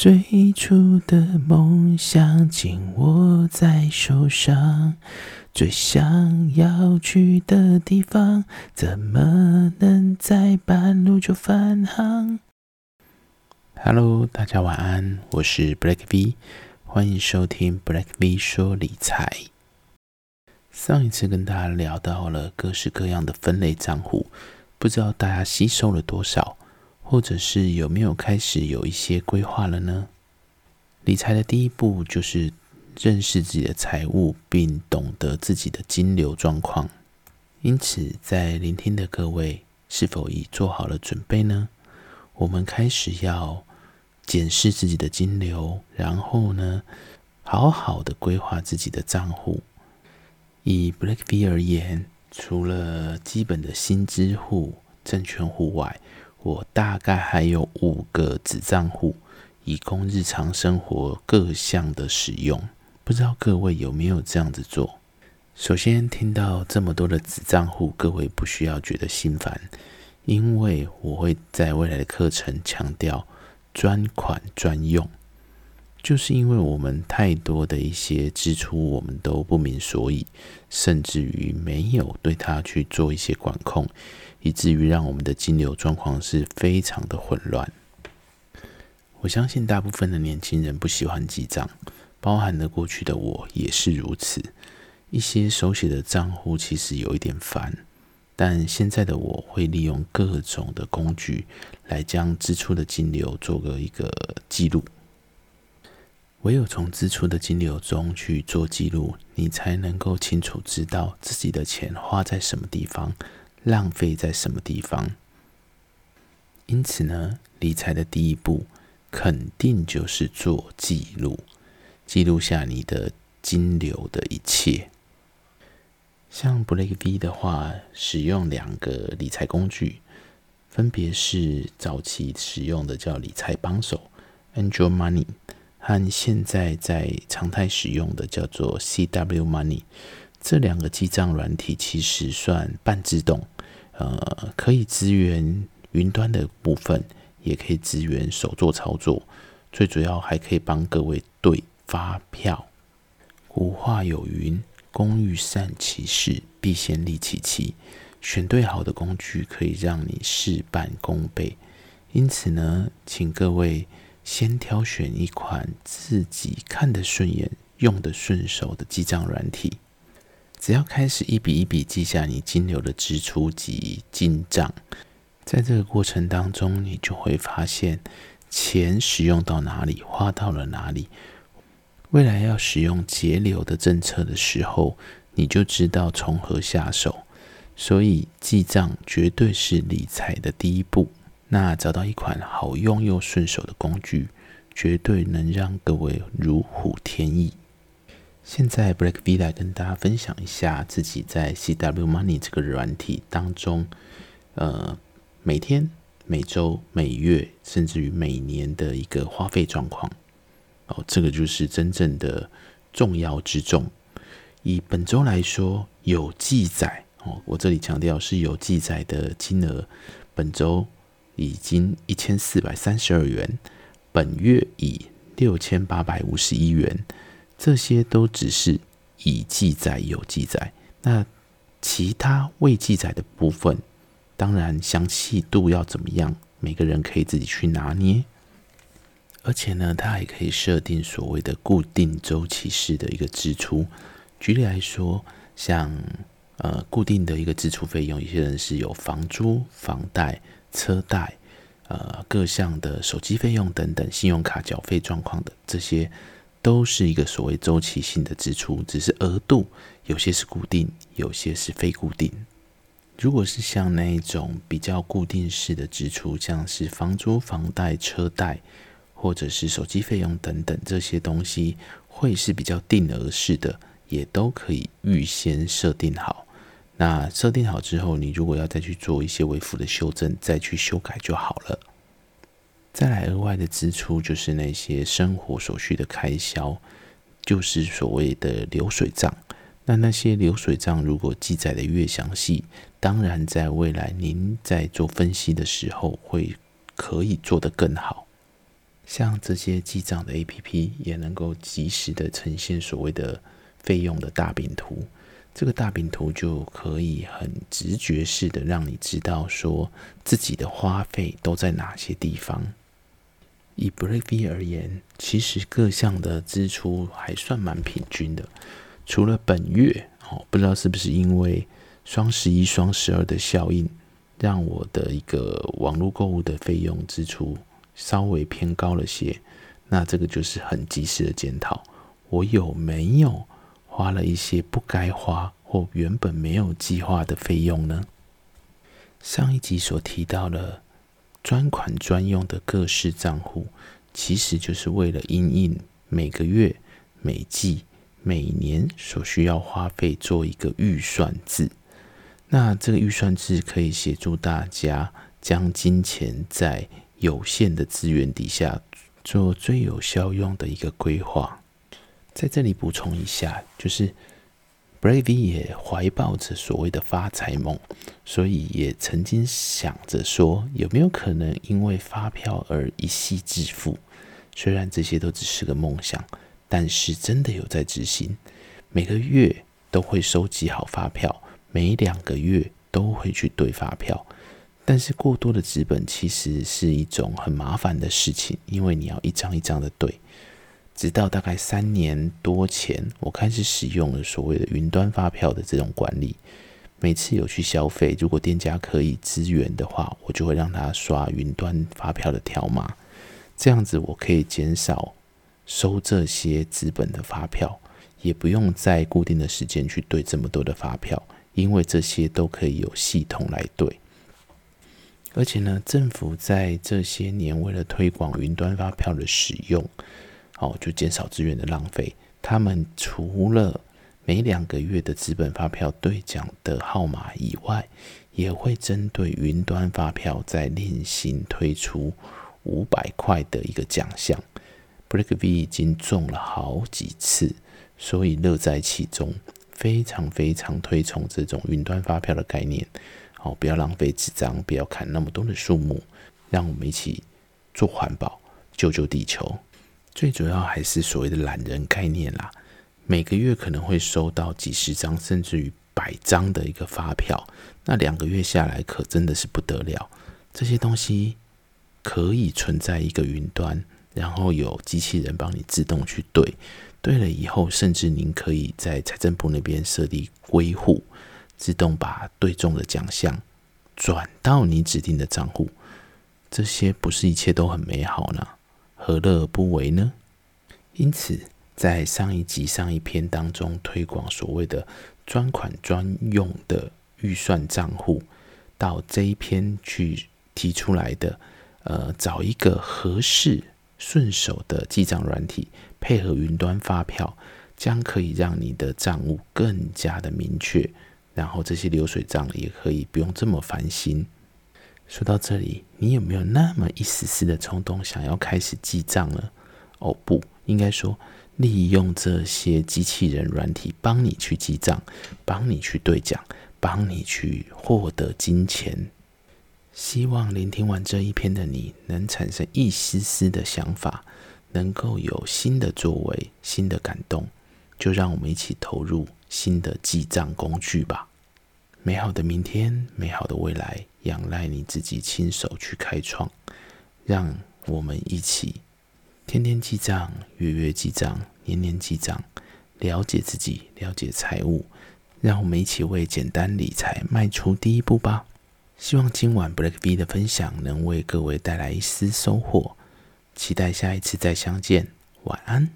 最初的夢想緊握在手上，最想要去的地方，怎麼能在半路就返航？Hello，大家晚安，我是 Black V，歡迎收聽 Black V 說理財。上一次跟大家聊到了各式各樣的分類賬戶，不知道大家吸收了多少？或者是有沒有開始有一些規劃了呢？理財的第一步就是認識自己的財務，並懂得自己的金流狀況。因此，在聆聽的各位是否已做好了準備呢？我們開始要檢視自己的金流，然後呢，好好的規劃自己的賬戶。以 Black V 而言，除了基本的薪資戶、證券戶外，我大概還有五個子賬戶，以供日常生活各項的使用。不知道各位有沒有這樣子做？首先聽到這麼多的子賬戶，各位不需要覺得心煩，因為我會在未來的課程強調專款專用。就是因為我們太多的一些支出，我們都不明所以，甚至於沒有對它去做一些管控。以至於讓我們的金流狀況是非常的混亂。我相信大部分的年輕人不喜歡記賬，包含了過去的我也是如此。一些手寫的賬戶其實有一點煩，但現在的我會利用各種的工具來將支出的金流做個一個記錄。唯有從支出的金流中去做記錄，你才能夠清楚知道自己的錢花在什麼地方，浪費在什麼地方？因此呢，理財的第一步肯定就是做記錄，記錄下你的金流的一切。像 Black V 的話，使用兩個理財工具，分別是早期使用的叫理財幫手 Android Money，和現在在常態使用的叫做 CW Money。這兩個記賬軟體其實算半自動。呃，可以支援雲端的部分，也可以支援手作操作，最主要還可以幫各位對發票。古話有云：“工欲善其事，必先利其器。”選對好的工具，可以讓你事半功倍。因此呢，請各位先挑選一款自己看得順眼、用得順手的記賬軟體。只要開始一筆一筆記下你金流的支出及進賬，在這個過程當中，你就會發現錢使用到哪裡，花到了哪裡。未來要使用節流的政策的時候，你就知道從何下手。所以記賬絕對是理財的第一步。那找到一款好用又順手的工具，絕對能讓各位如虎添翼。現在 Black V 來跟大家分享一下自己在 CW Money 這個軟體當中，呃，每天、每週、每月，甚至於每年的一個花費狀況。哦，這個就是真正的重要之重。以本週來說，有記載哦，我這裡強調是有記載的金額。本週已經一千四百三十二元，本月以六千八百五十一元。這些都只是已記載、有記載，那其他未記載的部分，當然詳細度要怎麼樣，每個人可以自己去拿捏。而且呢，它還可以設定所謂的固定周期式的一個支出。舉例來說，像呃固定的一個支出費用，有些人是有房租、房貸、車貸，呃各項的手機費用等等，信用卡繳費狀況的這些都是一個所謂周期性的支出，只是額度有些是固定，有些是非固定。如果是像那一種比較固定式的支出，像是房租、房貸、車貸，或者是手機費用等等這些東西，會是比較定額式的，也都可以預先設定好。那設定好之後，你如果要再去做一些微幅的修正，再去修改就好了。再來額外的支出就是那些生活所需的開銷，就是所謂的流水賬。那那些流水賬如果記載的越詳細，當然在未來您在做分析的時候會可以做得更好。像這些記賬的 APP 也能夠即時的呈現所謂的費用的大餅圖，這個大餅圖就可以很直覺式的讓你知道說自己的花費都在哪些地方。以 Black V 而言，其實各項的支出還算蠻平均的，除了本月，哦，不知道是不是因為雙十一、雙十二的效應，讓我的一個網絡購物的費用支出稍微偏高了些。那這個就是很及時的檢討，我有沒有花了一些不該花或原本沒有計劃的費用呢？上一集所提到的。專款專用的各式賬戶，其實就是為了因應每個月、每季、每年所需要花費做一個預算制。那這個預算制可以協助大家將金錢在有限的資源底下做最有效用的一個規劃。在這裡補充一下，就是。Black V 也懷抱着所謂的發財夢，所以也曾經想着說，有沒有可能因為發票而一夕致富？雖然這些都只是個夢想，但是真的有在執行。每個月都會收集好發票，每兩個月都會去對發票。但是過多的紙本其實是一種很麻煩的事情，因為你要一張一張的對。直到大概三年多前，我開始使用了所謂的雲端發票的這種管理。每次有去消費，如果店家可以支援的話，我就會讓他刷雲端發票的條碼。這樣子，我可以減少收這些紙本的發票，也不用在固定的時間去對這麼多的發票，因為這些都可以有系統來對。而且呢，政府在這些年為了推廣雲端發票的使用。哦，就減少資源的浪費，他們除了每兩個月的資本發票兌獎的號碼以外，也會針對雲端發票再另行推出五百塊的一個獎項。Black V 已經中了好幾次，所以樂在其中，非常非常推崇這種雲端發票的概念。哦，不要浪費紙張，不要砍那麼多的樹木，讓我們一起做環保，救救地球。最主要還是所謂的懶人概念啦，每個月可能會收到幾十張甚至於百張的一個發票，那兩個月下來可真的是不得了。這些東西可以存在一個雲端，然後有機器人幫你自動去對，對了以後，甚至您可以在財政部那邊設立歸戶，自動把對中的獎項轉到你指定的賬戶。這些不是一切都很美好呢？何樂而不為呢？因此，在上一集、上一篇當中推廣所謂的專款專用的預算賬戶，到這一篇去提出來的，呃，找一個合適、順手的記賬軟體，配合雲端發票，將可以讓你的賬務更加的明確，然後這些流水賬也可以不用這麼煩心。說到這裡，你有沒有那麼一絲絲的衝動，想要開始記賬呢？哦，不應該說利用這些機器人軟體幫你去記賬，幫你去對帳，幫你去獲得金錢。希望聆聽完這一篇的你，能產生一絲絲的想法，能夠有新的作為，新的感動。就讓我們一起投入新的記賬工具吧。美好的明天，美好的未來，仰賴你自己親手去開創。讓我們一起天天記賬、月月記賬、年年記賬，了解自己，了解財務。讓我們一起為簡單理財邁出第一步吧。希望今晚 Black V 的分享能為各位帶來一絲收穫。期待下一次再相見。晚安。